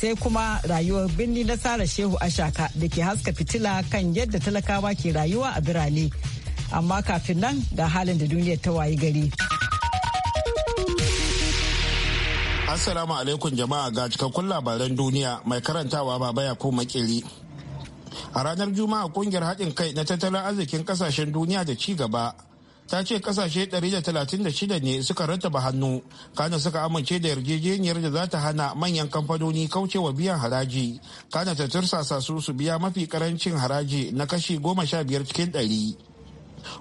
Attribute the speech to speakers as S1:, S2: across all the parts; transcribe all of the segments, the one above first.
S1: sai kuma rayuwar birni na Sara Shehu Ashaka da ke haska fitila kan yadda talakawa ke rayuwa a birane. Amma kafin nan ga halin da duniyar ta wayi gari.
S2: Assalamu alaikum jama'a ga cikakkun labaran duniya mai karantawa baba ya ko makili. A ranar Juma'a kungiyar haɗin kai na tattalin arzikin ƙasashen duniya da ci gaba ta ce kasashe 136 ne suka rattaba hannu kana suka amince da yarjejeniyar da za ta hana manyan kamfanoni kaucewa biyan haraji kana ta tursasa su su biya mafi karancin haraji na kashi 15 cikin 100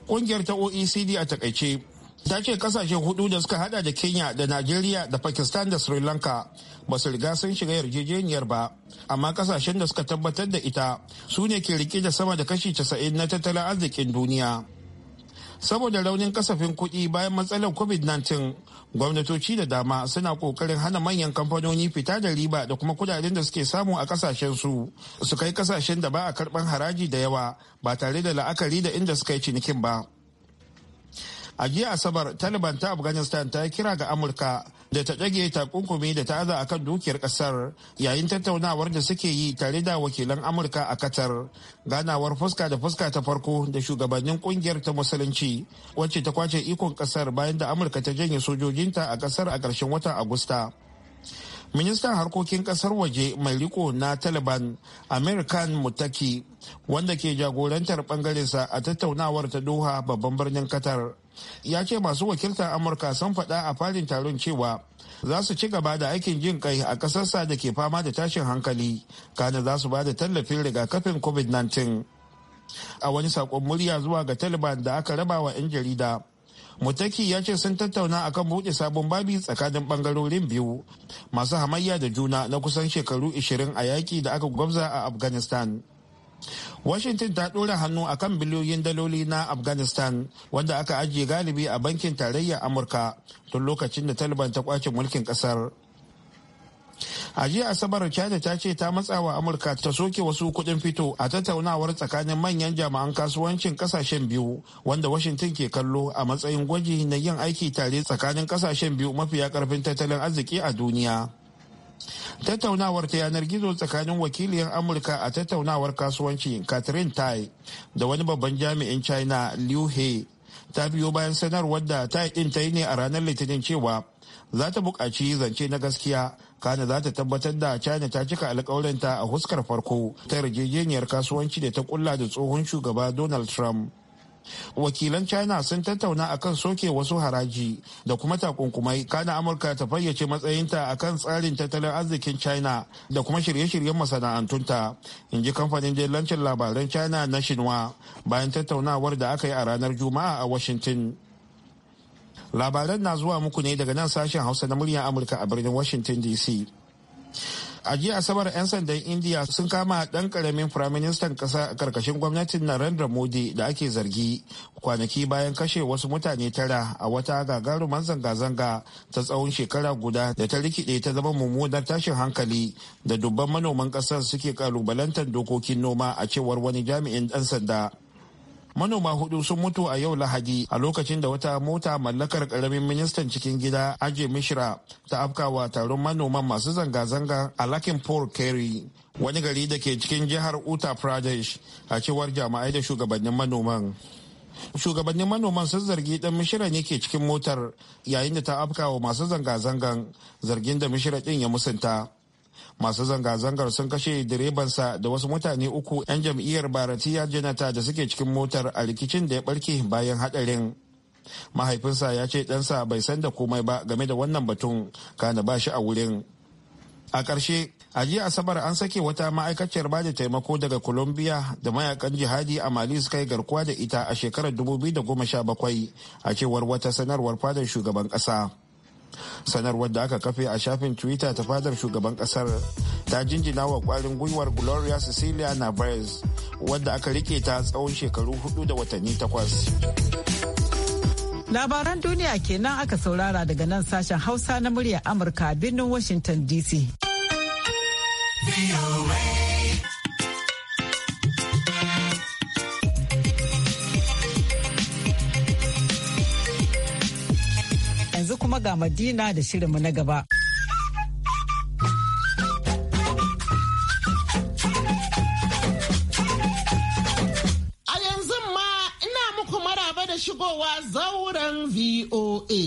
S2: kungiyar ta oecd a takaice ta ce kasashe hudu da suka hada da kenya da nigeria da pakistan da sri lanka ba su riga sun shiga yarjejeniyar ba amma kasashen da suka tabbatar da ita su ne ke rike da sama da kashi 90 na tattalin arzikin duniya saboda raunin kasafin kuɗi bayan matsalar covid-19 gwamnatoci da dama suna kokarin hana manyan kamfanoni fita da riba da kuma kudaden da suke samu a kasashen su su kai ƙasashen da ba a karɓar haraji da yawa ba tare da la'akari da inda suka yi cinikin ba a jiya asabar taliban ta afghanistan ta yi kira ga amurka da ta ɗage takunkumi da ta aza a dukiyar ƙasar yayin tattaunawar da suke yi tare da wakilan amurka a qatar ganawar fuska da fuska ta farko da shugabannin kungiyar ta musulunci wacce ta kwace ikon ƙasar bayan da amurka ta janye sojojinta a ƙasar a karshen watan agusta ministan harkokin kasar waje mai riko na taliban american mutaki wanda ke jagorantar bangarensa a tattaunawar ta doha babban birnin qatar ya ce masu wakiltar amurka sun faɗa a fadin taron cewa za su ci gaba da aikin jin kai a ƙasarsa da ke fama da tashin hankali kana za su ba da tallafin rigakafin covid-19 a wani saƙon murya zuwa ga taliban da aka raba wa 'yan jarida mutaki ya ce sun tattauna akan buɗe sabon babi tsakanin ɓangarorin biyu masu hamayya da juna na kusan shekaru 20 a yaƙi da aka gwabza a afghanistan washington ta ɗora hannu a kan biliyoyin daloli na afghanistan wanda aka ajiye galibi a bankin tarayyar amurka tun lokacin da taliban ta kwace mulkin ƙasar a jiya asabar china ta ce ta matsa wa amurka ta soke wasu kuɗin fito a tattaunawar tsakanin manyan jami'an kasuwancin kasashen biyu wanda washington ke kallo a matsayin gwaji na yin aiki tare tsakanin kasashen biyu mafiya karfin tattalin arziki a duniya tattaunawar ta yanar gizo tsakanin wakiliyar amurka a tattaunawar kasuwanci catherine tai da wani babban jami'in china liu he ta biyo bayan sanarwar da tai din ta yi ne a ranar litinin cewa za ta buƙaci zance na gaskiya kana za ta tabbatar da china ta cika alkawarinta a huskar farko ta yarjejeniyar kasuwanci da ta kulla da tsohon shugaba donald trump wakilan china sun tattauna akan soke wasu haraji da kuma takunkumai kana amurka ta fayyace matsayinta akan tsarin tattalin arzikin china da kuma shirye-shiryen masana'antunta in ji kamfanin dillancin labaran china na shinwa bayan tattaunawar da aka yi a ranar juma'a a washington labaran na zuwa muku ne daga nan sashen hausa na muryar amurka a birnin washington dc a jiya asabar 'yan sandan indiya sun kama dan karamin firaministan kasa a karkashin gwamnatin narendra modi da ake zargi kwanaki bayan kashe wasu mutane tara a wata gagarumar zanga-zanga ta tsawon shekara guda da ta rikide ta zama mummunar tashin hankali da dubban manoman kasar suke kalubalantar dokokin noma a cewar wani jami'in dan sanda manoma hudu sun mutu a yau lahadi a lokacin da wata mota mallakar karamin ministan cikin gida aje mishra ta afkawa taron manoman masu zanga-zanga a lakin lakhimpur kerry wani gari da ke cikin jihar uttar pradesh a cewar jama'ai da shugabannin manoman shugabannin manoman sun zargi dan mishira ne ke cikin motar yayin da ta afkawa masu zanga-zangan zargin da mishira din ya musanta masu zanga-zangar sun kashe direbansa da wasu mutane uku 'yan jam'iyyar baratiya janata da suke cikin motar a rikicin da ya barke bayan hadarin mahaifinsa ya ce ɗansa bai san da komai ba game da wannan batun kana ba shi a wurin a ƙarshe a jiya asabar an sake wata ma'aikaciyar ba da taimako daga colombia da mayakan jihadi a mali suka yi garkuwa da ita a shekarar 2017 a cewar wata sanarwar fadar shugaban ƙasa sanarwar da aka kafe a shafin twitter ta fadar shugaban kasar ta jinjina wa kwarin gwiwar gloria cecilia navarez wadda aka rike ta tsawon shekaru hudu da watanni takwas labaran duniya kenan
S1: aka saurara daga nan sashen hausa na muryar amurka birnin washington dc ga Madina da shirinmu na gaba.
S3: A yanzu ma ina muku maraba da shigowa zauren VOA.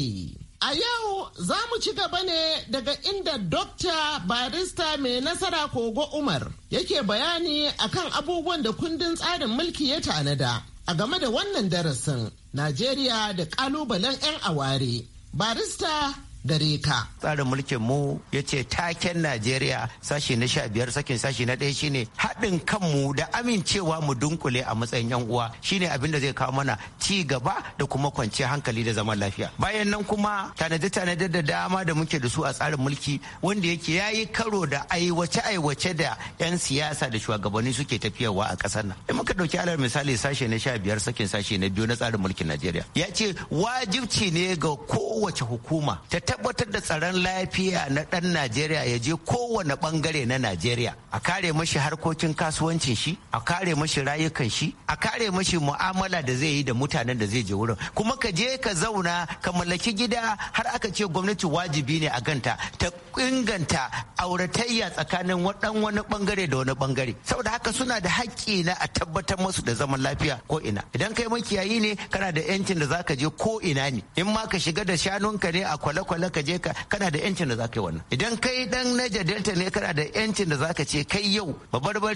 S3: A yau za mu ci gaba ne daga inda Dokta Barista mai nasara Kogo Umar yake bayani akan abubuwan da kundin tsarin mulki ya tanada a game da wannan darasin Najeriya da ƙalubalen 'yan aware. barista gare ka. Tsarin mulkin mu ya ce taken Najeriya sashi na sha biyar sakin sashi na ɗaya shine haɗin kanmu da amincewa mu dunkule a matsayin yan uwa shine abin da zai kawo mana ci gaba da kuma kwanciyar hankali da zaman lafiya. Bayan nan kuma tanade tanade da dama da muke da su a tsarin mulki wanda yake ya yi karo da aiwace aiwace da yan siyasa da shugabanni suke tafiyarwa a ƙasar nan. In muka ɗauki alal misali sashe na sha biyar sakin sashe na biyu na tsarin mulkin Najeriya ya ce wajibci ne ga kowace hukuma ta tabbatar da tsaron lafiya na ɗan najeriya ya je kowane ɓangare na najeriya a kare mashi harkokin kasuwancin shi a kare mashi rayukan shi a kare mashi mu'amala da zai yi da mutanen da zai je wurin kuma ka je ka zauna ka mallaki gida har aka ce gwamnati wajibi ne a ganta ta inganta auratayya tsakanin waɗan wani bangare da wani bangare saboda haka suna da haƙƙi na a tabbatar musu da zaman lafiya ko ina idan kai makiyayi ne kana da yancin da zaka je ko ina ne in ma ka shiga da shanunka ne a kwale-kwale walwala ka je ka kana da yancin da zaka yi wannan idan kai dan naja delta ne kana da yancin da zaka ce kai yau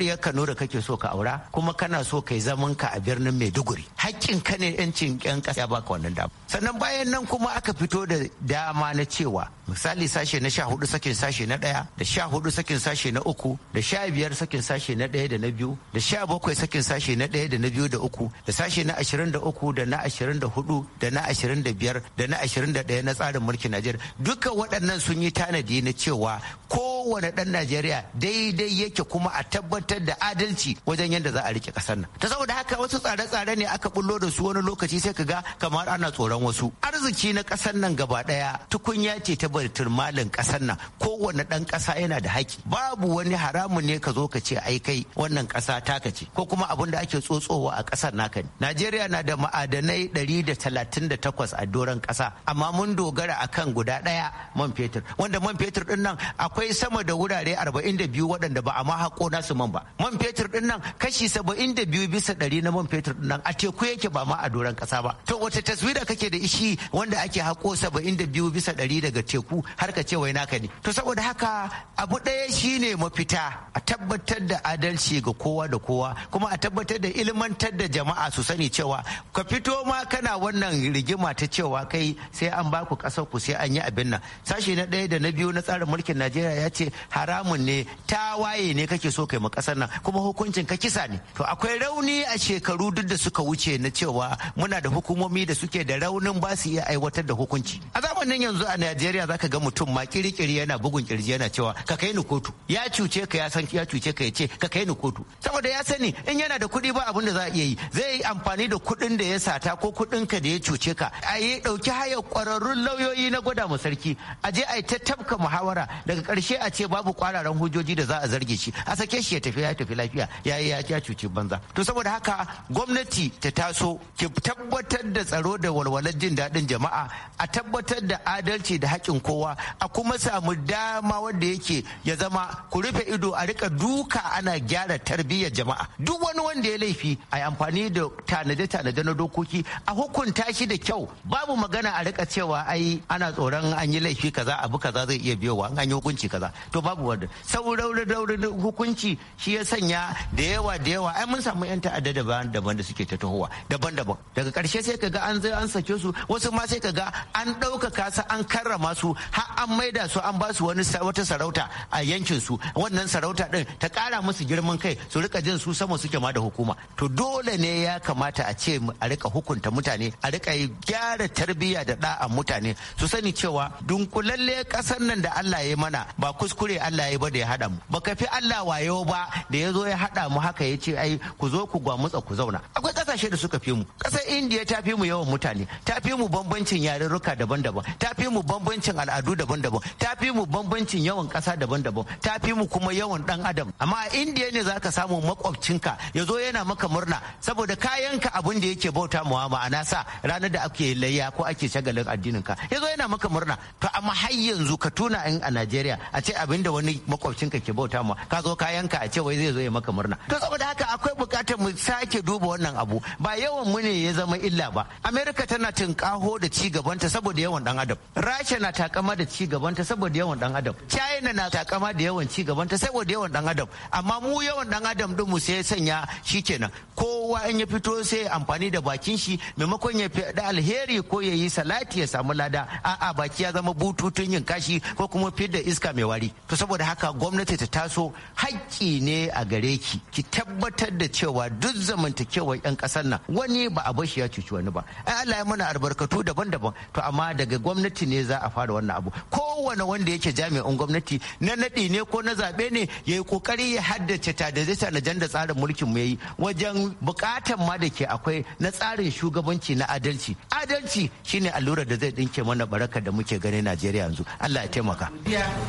S3: ya Kano da kake so ka aura kuma kana so kai zaman ka a birnin Maiduguri hakkin ka ne yancin yan kasa ya baka wannan dama sannan bayan nan kuma aka fito da dama na cewa misali sashe na sha hudu sakin sashe na ɗaya da sha hudu sakin sashe na uku da sha biyar sakin sashe na ɗaya da na biyu da sha bakwai sakin sashe na ɗaya da na biyu da uku da sashe na ashirin da uku da na ashirin da hudu da na ashirin da biyar da na ashirin da na tsarin mulkin najeriya biyar duka waɗannan sun yi tanadi na cewa kowane ɗan najeriya daidai yake kuma a tabbatar da adalci wajen yadda za a rike ƙasar nan ta saboda haka wasu tsare-tsare ne aka bullo da su wani lokaci sai ka ga kamar ana tsoron wasu arziki na ƙasar nan gaba ɗaya tukunya ce ta baritin malin ƙasar nan kowane ɗan ƙasa yana da haƙƙi babu wani haramun ne ka zo ka ce ai kai wannan ƙasa taka ce ko kuma abin da ake tsotsowa a ƙasar naka ne najeriya na da ma'adanai 138 a doron ƙasa amma mun dogara akan guda guda ɗaya man fetur wanda man fetur ɗin nan akwai sama da wurare 42 waɗanda ba a ma haƙo nasu man ba man fetur ɗin nan kashi 72 bisa ɗari na man fetur ɗin nan a teku yake ba ma a doron ƙasa ba to wata taswira kake da ishi wanda ake haƙo 72 bisa ɗari daga teku har ka ce wai naka ne to saboda haka abu ɗaya shine mafita a tabbatar da adalci ga kowa da kowa kuma a tabbatar da ilmantar da jama'a su sani cewa ka fito ma kana wannan rigima ta cewa kai sai an baku ƙasar ku sai an yi abin nan sashi na ɗaya da na biyu na tsarin mulkin najeriya ya ce haramun ne ta waye ne kake so kai mu ƙasar nan kuma hukuncin ka kisa ne to akwai rauni a shekaru duk da suka wuce na cewa muna da hukumomi da suke da raunin ba su iya aiwatar da hukunci a zamanin yanzu a najeriya zaka ga mutum ma kirikiri yana bugun kirji yana cewa ka kai ni kotu ya cuce ka ya san ya cuce ka ya ce ka kai ni kotu saboda ya sani in yana da kuɗi ba abin da za a iya yi zai yi amfani da kuɗin da ya sata ko kuɗin ka da ya cuce ka a yi ɗauki hayar ƙwararrun lauyoyi na gwada mu sarki a je a yi ta muhawara daga karshe a ce babu kwararan hujjoji da za a zarge shi a sake shi ya tafi ya tafi lafiya ya yi ya cuci banza to saboda haka gwamnati ta taso ki tabbatar da tsaro da walwalar jin daɗin jama'a a tabbatar da adalci da haƙƙin kowa a kuma samu dama wanda yake ya zama ku rufe ido a rika duka ana gyara tarbiyyar jama'a duk wani wanda ya laifi a yi amfani da tanade-tanade na dokoki a hukunta shi da kyau babu magana a rika cewa ai ana tsoro tsoron an yi laifi kaza abu kaza zai iya biyowa an yi hukunci kaza to babu wanda saurin hukunci shi ya sanya da yawa da yawa ai mun samu yan ta'adda daban daban da suke ta tahowa daban daban daga karshe sai kaga an zai an sake su wasu ma sai kaga an ɗaukaka su an karrama su har an maida su an basu wani wata sarauta a yankin su wannan sarauta din ta kara musu girman kai su rika jin su sama suke ma da hukuma to dole ne ya kamata a ce a rika hukunta mutane a rika gyara tarbiyya da da'a mutane su sani cewa dunkulalle kasar nan da Allah ya mana ba kuskure Allah ya ba da ya haɗa mu ba fi Allah wayo ba da ya zo ya haɗa mu haka ya ce ai ku zo ku gwamutsa ku zauna akwai kasashe da suka fi mu kasar indiya ta fi mu yawan mutane ta fi mu bambancin yarurruka daban-daban ta fi mu bambancin al'adu daban-daban ta fi mu bambancin yawan kasa daban-daban ta fi mu kuma yawan dan adam amma a indiya ne zaka samu makwabcinka ya zo yana maka murna saboda kayanka abin da yake bauta muwa ma'ana sa ranar da ake layya ko ake shagalin addininka ya zo yana maka maka murna to amma har yanzu ka tuna in a Najeriya a ce abinda wani ka ke bauta ma ka zo ka yanka a ce wai zai zo ya maka murna to saboda haka akwai bukatar mu sake duba wannan abu ba yawan mu ne ya zama illa ba Amerika tana tinkaho da ci gabanta saboda yawan dan adam Rasha na takama da ci gabanta saboda yawan dan adam China na takama da yawan ci gabanta saboda yawan dan adam amma mu yawan dan adam din mu sai sanya shikenan kowa in ya fito sai amfani da bakin shi maimakon ya fi alheri ko yayi salati ya samu lada a'a baki ya zama bututun yin kashi ko kuma fidda iska mai wari to saboda haka gwamnati ta taso haƙƙi ne a gare ki ki tabbatar da cewa duk zamantakewar yan ƙasar nan wani ba a bashi ya cuci wani ba ai Allah ya mana albarkatu daban-daban to amma daga gwamnati ne za a fara wannan abu kowane wanda yake jami'in gwamnati na naɗi ne ko na zabe ne ya yi ƙoƙari ya haddace ta da zai tanajen da tsarin mulkin mu ya yi wajen buƙatan ma da ke akwai na tsarin shugabanci na adalci adalci shine allurar da zai ɗinke mana barakar da muke gani najeriya yanzu allah ya taimaka.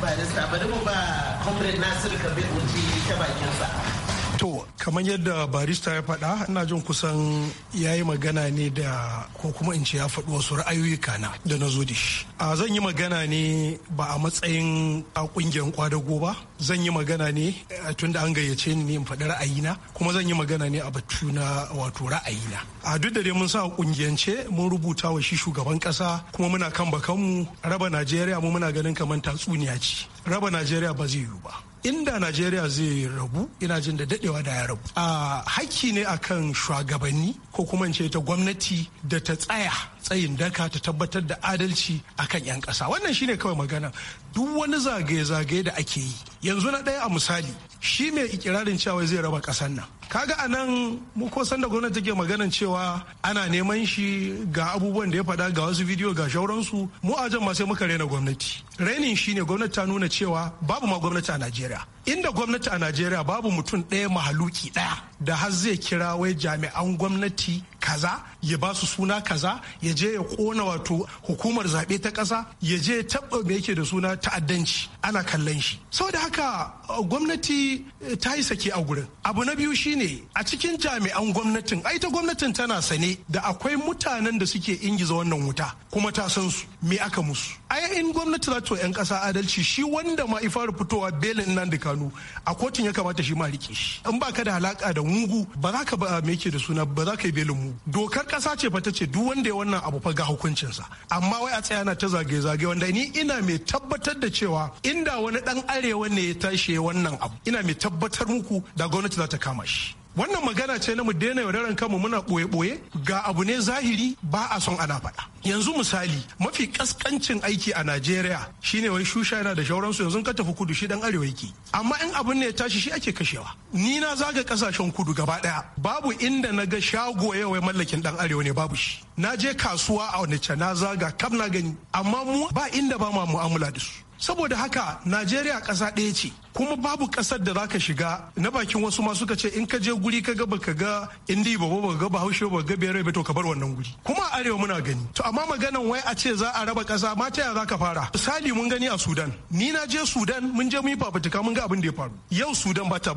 S3: ba da bari mu ba comrade nasir kabir ta
S4: bakinsa. To, kamar yadda barista ya faɗa, ina jin kusan ya yi magana ne da ko kuma in ce ya faɗi wasu ra'ayoyi kana da na zo da shi. A zan yi magana ne ba a matsayin a ƙungiyar kwadago ba, zan yi magana ne eh, tun da an gayyace ni ne in faɗi ra'ayina, kuma zan yi magana ne a batu na wato ra'ayina. A duk da dai mun sa a ƙungiyance mun rubuta wa shi shugaban ƙasa kuma muna kan bakanmu raba Najeriya mu muna ganin kamar tatsuniya ce. Raba Najeriya ba zai yiwu ba. inda najeriya zai rabu ina jin da dadewa da ya rabu a hakki ne akan shugabanni ko kuma ce ta gwamnati da ta tsaya tsayin daka ta tabbatar da adalci akan 'yan ƙasa wannan shine kawai magana duk wani zagaye-zagaye da ake yi yanzu na ɗaya a misali shi mai ikirarin cewa zai raba ƙasar nan kaga a nan mukosan da gwamnati ke maganan cewa ana neman shi ga abubuwan da ya faɗa ga wasu bidiyo ga shauransu mu a jan ma muka raina gwamnati rainin shine gwamnati ta nuna cewa babu ma gwamnati a najeriya inda gwamnati a najeriya babu mutum ɗaya mahaluki ɗaya da har zai kira wai jami'an gwamnati kaza ya ba su suna kaza ya je ya kona wato hukumar zaɓe ta ƙasa ya je ya taɓa me yake da suna ta'addanci ana kallon shi saboda haka uh, gwamnati eh, ta yi sake a gurin abu na biyu shine shine a cikin jami'an gwamnatin ai ta gwamnatin tana sane da akwai mutanen da suke ingiza wannan wuta kuma ta san su me aka musu ai in gwamnati za ta yan kasa adalci shi wanda ma ya fara fitowa belin nan da kanu a kotun ya kamata shi ma rike shi in ba ka da halaka da mugu ba za ka ba me yake da suna ba za ka yi belin mu dokar kasa ce fa tace ce duk wanda ya wannan abu fa ga hukuncin sa amma wai a tsaya na ta zage zage wanda ni ina mai tabbatar da cewa inda wani dan arewa ne ya tashi wannan abu ina mai tabbatar muku da gwamnati za ta kama shi wannan magana ce na mu daina yaudaran kanmu muna ɓoye-ɓoye ga abu ne zahiri ba a son ana faɗa yanzu misali mafi kaskancin aiki a najeriya shine wai shusha yana da shauransu yanzu ka tafi kudu shi dan arewa yake amma in abun ne ya tashi shi ake kashewa ni na zaga kasashen kudu gaba daya babu inda na ga shago yau mallakin dan arewa ne babu shi na je kasuwa a wani na zaga kam na gani amma mu ba inda ba ma mu'amala da su saboda haka najeriya kasa ɗaya ce kuma babu ƙasar da zaka shiga na bakin wasu ma suka ce in ka je guri ka ga baka ga indi ba ba ga bahaushe ba ga biyar to ka bar wannan guri kuma a arewa muna gani to amma maganan wai a ce za a raba ƙasa ma ta zaka fara misali mun gani a sudan ni na je sudan mun je mun yi fafutuka mun ga abin da ya faru yau sudan ba ta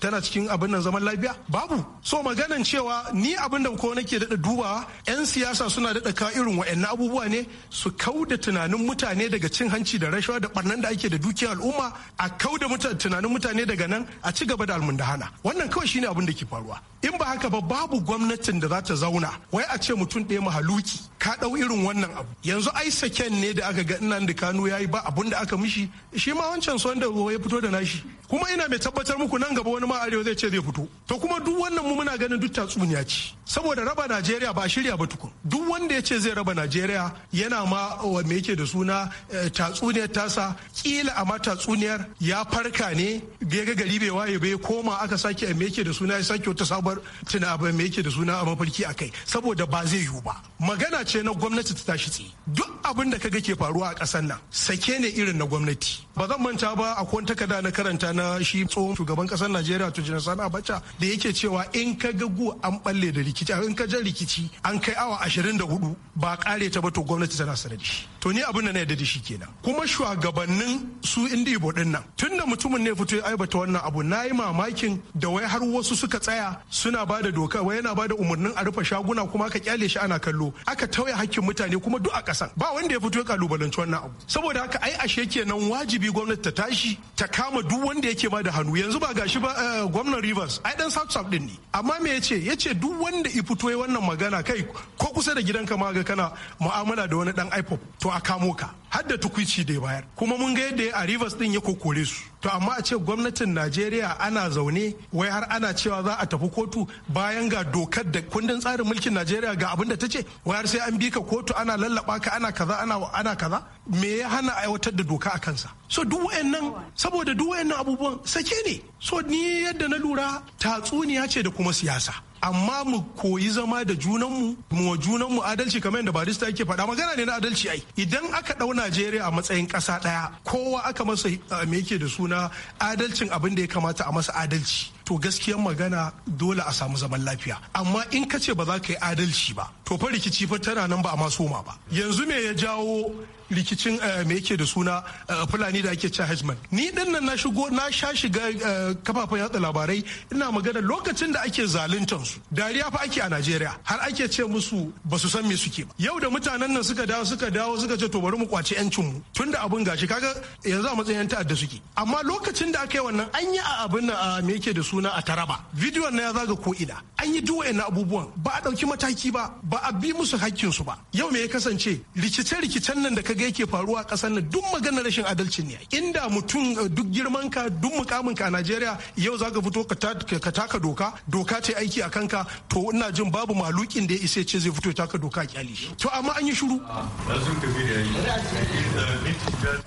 S4: tana cikin abin nan zaman lafiya babu so maganan cewa ni abin da ko nake daɗa duba 'yan siyasa suna daɗa ka irin wa'annan abubuwa ne su kauda tunanin mutane daga cin hanci da rashawa da barnan da ake da dukiyar al'umma a kau da tunanin mutane daga nan a ci gaba da almundahana wannan kawai shine abin da ke faruwa in ba haka ba babu gwamnatin da za ta zauna wai a ce mutum ɗaya mahaluki ka ɗau irin wannan abu yanzu ai saken ne da aka ga nan da kano yayi ba abun da aka mishi shi ma wancan son da ya fito da nashi kuma ina mai tabbatar muku nan gaba wani ma arewa zai ce zai fito to kuma duk wannan mu muna ganin duk tatsuniya ce saboda raba najeriya ba shirya ba tukun duk wanda ya ce zai raba najeriya yana ma wa me yake da suna eh, tatsuniya tatsuniyar tasa kila a mata tsuniyar ya farka ne ya ga gari bai waye bai koma aka sake a meke da suna ya sake wata sabar tuna a me yake da suna a mafarki a kai saboda ba zai yiwu ba magana ce na gwamnati ta tashi tsaye duk abin da kaga ke faruwa a ƙasar nan sake ne irin na gwamnati ba zan manta ba a kwan takarda na karanta na shi tsohon shugaban ƙasar Najeriya to jina Sani Abacha da yake cewa in ka ga gu an balle da rikici in ka jan rikici an kai awa ashirin da hudu ba kare ta ba to gwamnati tana sanar da shi to ni abin da na yarda da shi kenan kuma shugabannin su indibo din nan tunda mutumin ne fito ya aibata wannan abu na yi mamakin da wai har wasu suka tsaya suna ba da doka wai yana ba da umarnin a rufe shaguna kuma aka kyale shi ana kallo aka tauye hakkin mutane kuma duk a kasan ba wanda ya fito ya kalubalanci wannan abu saboda haka ai ashe kenan wajibi gwamnati ta tashi ta kama duk wanda yake ba da hannu yanzu ba gashi ba eh, gwamnan rivers ai dan south south din ne amma me yace yace duk wanda i fito ya wannan magana kai ko kusa da gidanka ma ga kana mu'amala da wani dan ipop to a kamo ka har da tukwici da bayar kuma mun ga yadda a rivers din ya kokore su to amma a ce gwamnatin najeriya ana zaune wai har ana cewa za a tafi kotu bayan ga dokar da kundin tsarin mulkin najeriya ga abin da ta ce wai har sai an bi ka kotu ana lallaba ka ana kaza ana ana kaza me ya hana aiwatar da doka a kansa so duk wayannan saboda duk wayannan abubuwan sake ne so ni yadda na lura tatsuniya ce da kuma siyasa amma mu koyi zama da junanmu mu wa junanmu adalci kamar yadda barista yake faɗa magana ne na adalci ai idan aka ɗau najeriya a matsayin ƙasa ɗaya kowa aka masa me yake da suna adalcin abin da ya kamata a masa adalci to gaskiyan magana dole a samu zaman lafiya amma in ka ce ba za ka yi adalci ba to fa rikici fa tana nan ba a ma soma ba yanzu me ya jawo rikicin eh, me yake da suna eh, fulani da ake cin hajjman ni din nan na shigo na sha shiga eh, kafafen yatsa labarai ina magana lokacin da ake zaluntan su dariya fa ake a Najeriya har ake ce musu ba su san me suke ba yau da mutanen nan suka dawo suka dawo suka ce to bari mu kwace yancin mu tunda abun gashi kaga yanzu a matsayin ta'adda suke amma lokacin da aka yi wannan an yi a abin nan me yake da suna a taraba bidiyon na ya zaga ko ina an yi duwa na abubuwan ba a dauki mataki ba ba a bi musu hakkin su ba yau me ya kasance rikice-rikicen nan da ka ga yake faruwa a ƙasar nan duk maganar rashin adalci ne inda mutum eh, duk girman ka duk mukamin ka a Najeriya yau za ka fito ka taka doka doka ta aiki a kanka to ina jin babu malukin da ya isa ce zai fito taka doka kyali to amma an yi shiru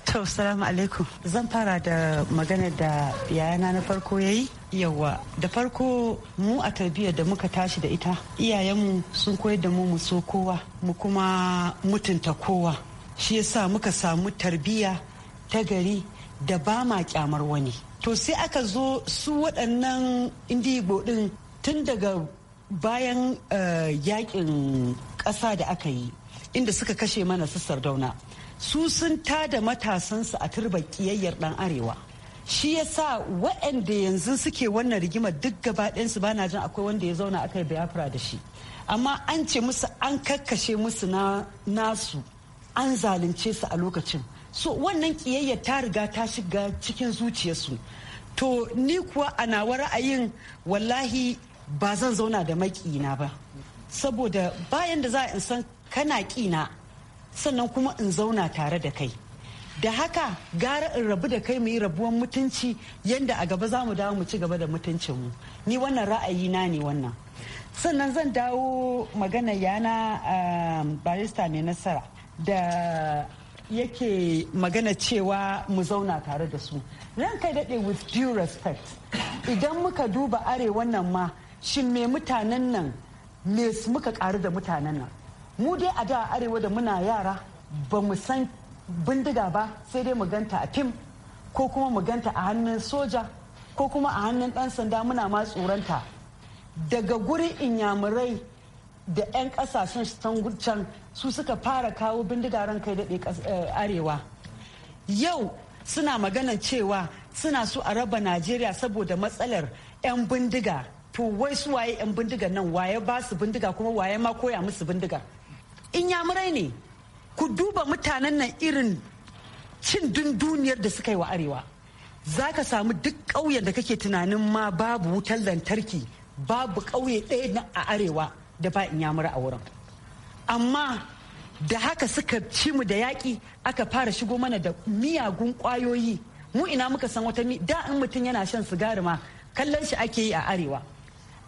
S5: to assalamu alaikum zan fara da magana da yayana na farko yayi yawa da farko mu a tarbiyyar da muka tashi da ita iyayenmu sun koyar da mu mu so kowa mu kuma mutunta kowa shi yasa muka samu tarbiyya ta gari da ba ma kyamar wani to sai aka zo su waɗannan indigo ɗin tun daga bayan eh, yakin ƙasa da aka yi inda suka kashe mana su dauna su sun tada matasansu a turba ƙiyayyar ɗan arewa shi ya sa waɗanda yanzu suke wannan rigimar duk ɗansu ba na jin akwai wanda ya zauna aka yi da shi amma an ce musu an kakkashe musu na nasu an zalunce su a lokacin so wannan kiyayya ta riga ta shiga cikin zuciyarsu to ni kuwa ana nawa ra'ayin wallahi ba zan zauna da maƙina ba saboda bayan da za in san kana ƙina sannan kuma in zauna tare da kai da haka gara in rabu da kai mu yi rabuwan mutunci yadda a gaba za mu dawo mu ci gaba da mutuncinmu ni wannan ra'ayi na ne wannan sannan zan dawo magana yana eh, barista mai nasara da yake magana cewa mu zauna tare da su kai daɗe with due respect idan muka duba arewa nan ma shin me mutanen nan me muka karu da mutanen nan mu dai a da arewa da muna yara ba mu san bindiga ba sai dai mu ganta a fim ko kuma mu ganta a hannun soja ko kuma a hannun ɗan sanda muna ma tsoronta daga guri inyamurai da 'yan kasashen can su suka fara kawo bindiga ran kai daɗe eh, arewa yau suna maganan cewa suna su a raba najeriya saboda matsalar 'yan bindiga to wai su waye 'yan bindiga nan waye ba su bindiga kuma waye ma koya musu bindiga in ya murai ne ku duba mutanen nan irin cin dunduniyar da suka yi wa arewa za ka samu duk ƙauyen da kake tunanin ma babu wutar lantarki babu ƙauye ɗaya a arewa da ba inyamura a wurin amma da haka suka ci mu da yaƙi aka fara shigo mana da miyagun ƙwayoyi mu ina muka san wata mi da in mutum yana shan sigari ma kallon shi ake yi a arewa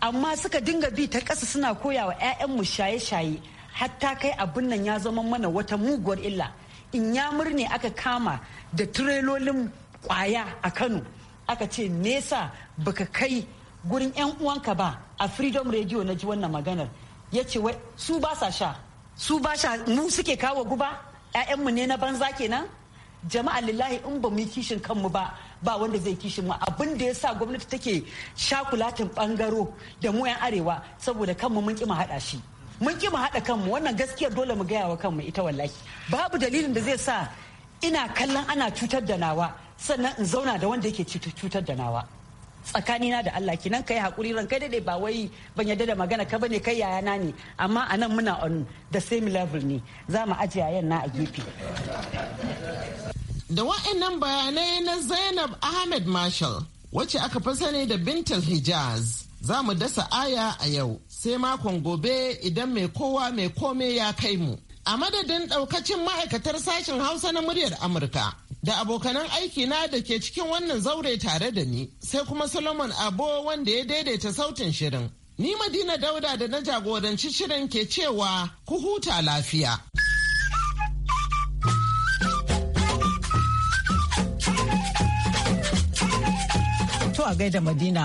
S5: amma suka dinga bi ta ƙasa suna koya wa mu shaye-shaye hatta kai abin nan ya zama mana wata muguwar illa in ya murne aka kama da tirelolin kwaya a kano aka ce nesa baka kai gurin 'yan uwanka ba a freedom radio na ji wannan maganar ya ce wai su ba sa sha su ba sha mu suke kawo guba 'ya'yanmu ne na banza kenan jama'a lillahi in ba mu yi kishin kanmu ba ba wanda zai kishin mu abin da ya sa gwamnati take shakulatin bangaro da mu 'yan arewa saboda kanmu mun kima haɗa shi mun kima haɗa kanmu wannan gaskiyar dole mu gaya wa kanmu ita wallahi babu dalilin da zai sa ina kallon ana cutar da nawa sannan in zauna da wanda yake cutar da nawa tsakani na da Allah kinan kai hakuri ran kai dade ba wai ban yadda da magana ka bane kai yayana ne amma anan muna on the same level ne za mu aje yayan na a gefe da wa'annan bayanai na Zainab Ahmed Marshall
S3: wacce aka fi sani da Bintal Hijaz za mu dasa aya a yau sai makon gobe idan mai kowa mai kome ya kai mu a madadin daukacin ma'aikatar sashen Hausa na muryar Amurka da abokanan aiki na da ke cikin wannan zaure tare da ni sai kuma solomon abo wanda ya daidaita sautin shirin ni madina dauda da na jagoranci shirin ke cewa ku huta lafiya
S1: to a gaida madina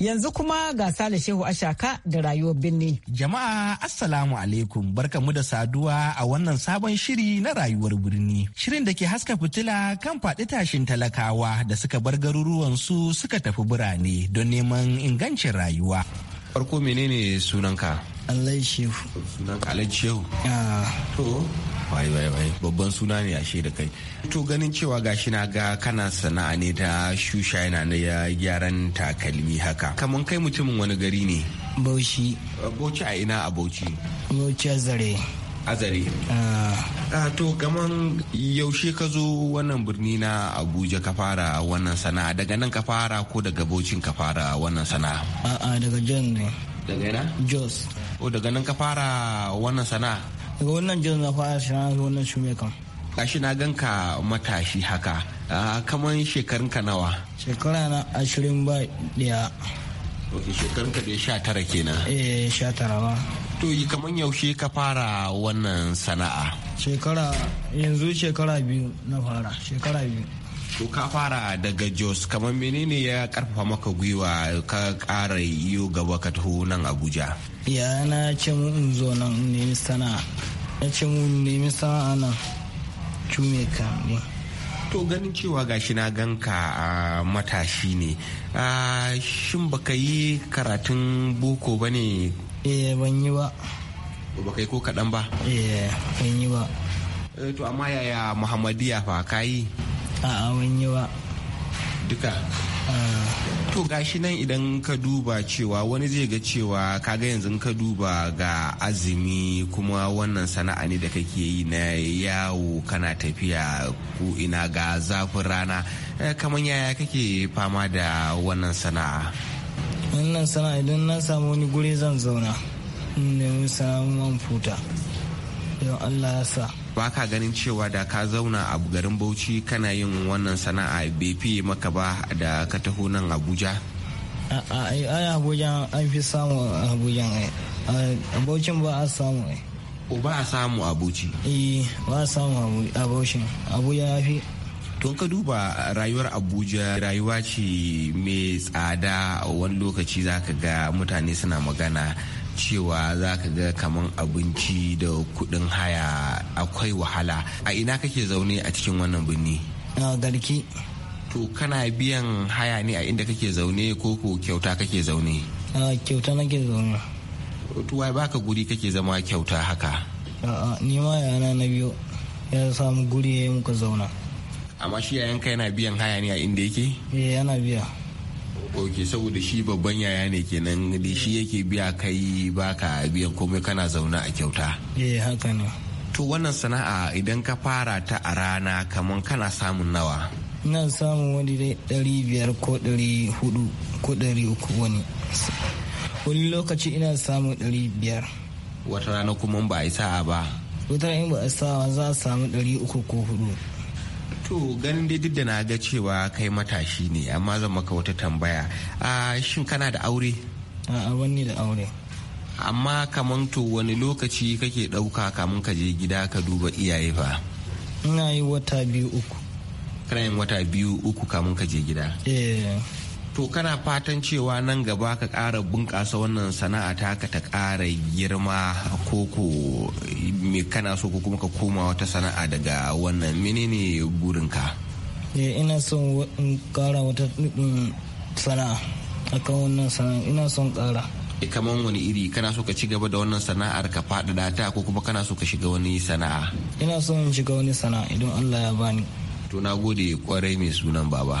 S1: Yanzu kuma ga Sale Shehu Ashaka da rayuwar birni. Jama'a Assalamu
S6: alaikum barkamu da saduwa a wannan sabon shiri na rayuwar birni. Shirin da ke haska fitila kan faɗi tashin talakawa da suka bar garuruwan su suka tafi birane don neman ingancin rayuwa. Farko menene sunanka? Allah Shehu. Sunanka Allah Shehu. Ah. To waye waye waye babban suna ne a da kai to ganin cewa gashi na ga kana sana'a ne ta shusha yana na ya gyaran takalmi haka kamar kai mutumin wani gari ne bauchi bauchi a ina a bauchi bauchi a zare a zare ah. a to kaman yaushe ka zo wannan birni na Abuja ka fara wannan sana'a daga nan ka fara ko daga Bauchin ka fara wannan sana'a?
S7: A'a daga jan ne. daga yana jos o oh, daga nan ka fara
S6: wannan sana'a
S7: daga wannan jos na fara sana'a wannan shume kan
S6: gashi na gan ka matashi haka ah, kamar shekarun ka nawa
S7: shekara na ashirin ba daya
S6: ok shekarun ka da sha tara kenan
S7: eh sha tara ba to yi kamar yaushe
S6: ka fara wannan sana'a
S7: shekara yanzu shekara biyu na fara shekara biyu
S6: to ka fara daga jos kamar menene ya karfafa maka gwiwa ka kara yiwu gaba ka taho nan abuja
S7: ya na ce mu in zo nan nemi sana na ce mu nemi sana nan cume ka ne
S6: to ganin cewa gashi na ganka a matashi ne shin baka yi karatun boko ba ne eh ban yi ba ba yi ko kaɗan ba eh ban yi ba eh, to amma yaya muhammadiya fa ka
S7: yi A'a wani ba.
S6: Duka. To gashi nan idan ka duba cewa wani zai ga cewa kaga yanzu ka duba ga azumi kuma wannan sana'a ne da kake yi na yawo kana tafiya ko ina ga zafin rana eh, kamar yaya kake fama da wannan sana'a.
S7: Wannan sana'a idan na samu wani guri zan zauna. samu samun futa. Don Allah ya sa.
S6: ba ka ganin cewa da ka zauna a garin bauchi kana yin wannan sana'a bai fiye maka ba da ka taho nan abuja
S7: a abuja an fi samu abuja a bauchin ba a samu ba a samu a eh ba a samu a abuja ya fi
S6: Tun ka duba rayuwar abuja rayuwa ce mai tsada wani lokaci za ka ga mutane suna magana cewa za ka ga kaman abinci da kuɗin haya akwai wahala a ina kake zaune a cikin wannan birni garki to kana biyan haya ne a inda kake zaune ko ko kyauta kake zaune
S7: kyauta nake zaune
S6: To wai baka guri kake zama kyauta haka
S7: ni ma yana na biyo ya samu guri ya yi muka zauna
S6: amma shi yayan ka yana biyan haya ne a inda yake
S7: eh, yana biya
S6: ok saboda shi babban yaya ne kenan da shi yake biya kai baka biyan komai kana zaune a kyauta
S7: eh haka ne
S6: to wannan sana'a idan ka fara ta a rana kamar kana samun nawa
S7: ina samun wani dai ɗari biyar ko ɗari hudu ko ɗari uku wani wani lokaci ina samun ɗari biyar
S6: wata rana kuma ba a yi sa'a ba
S7: wata rana ba a sa'a za a samu ɗari uku ko hudu
S6: to ganin dai duk da na ga cewa kai matashi ne amma zan maka wata tambaya a shin
S7: kana da aure a wani da aure
S6: amma kamar to wani lokaci kake ɗauka kamun ka je gida ka duba iyaye fa
S7: ina yi wata biyu uku
S6: kana yin wata biyu uku kamun ka je gida eh to kana fatan cewa nan gaba ka ƙara bunƙasa wannan sana'a ta ka ta ƙara girma ko ko me kana so ko kuma ka koma wata sana'a daga wannan menene burinka
S7: eh, ina son in ƙara wata mm, sana'a akan wannan sana'a ina son ƙara
S6: eh, kaman wani iri kana so ka ci gaba da wannan sana'ar ka faɗaɗa ta ko kuma kana so ka shiga wani sana'a
S7: ina son in shiga wani sana'a idan allah ya bani
S6: to na gode kwarai mai sunan baba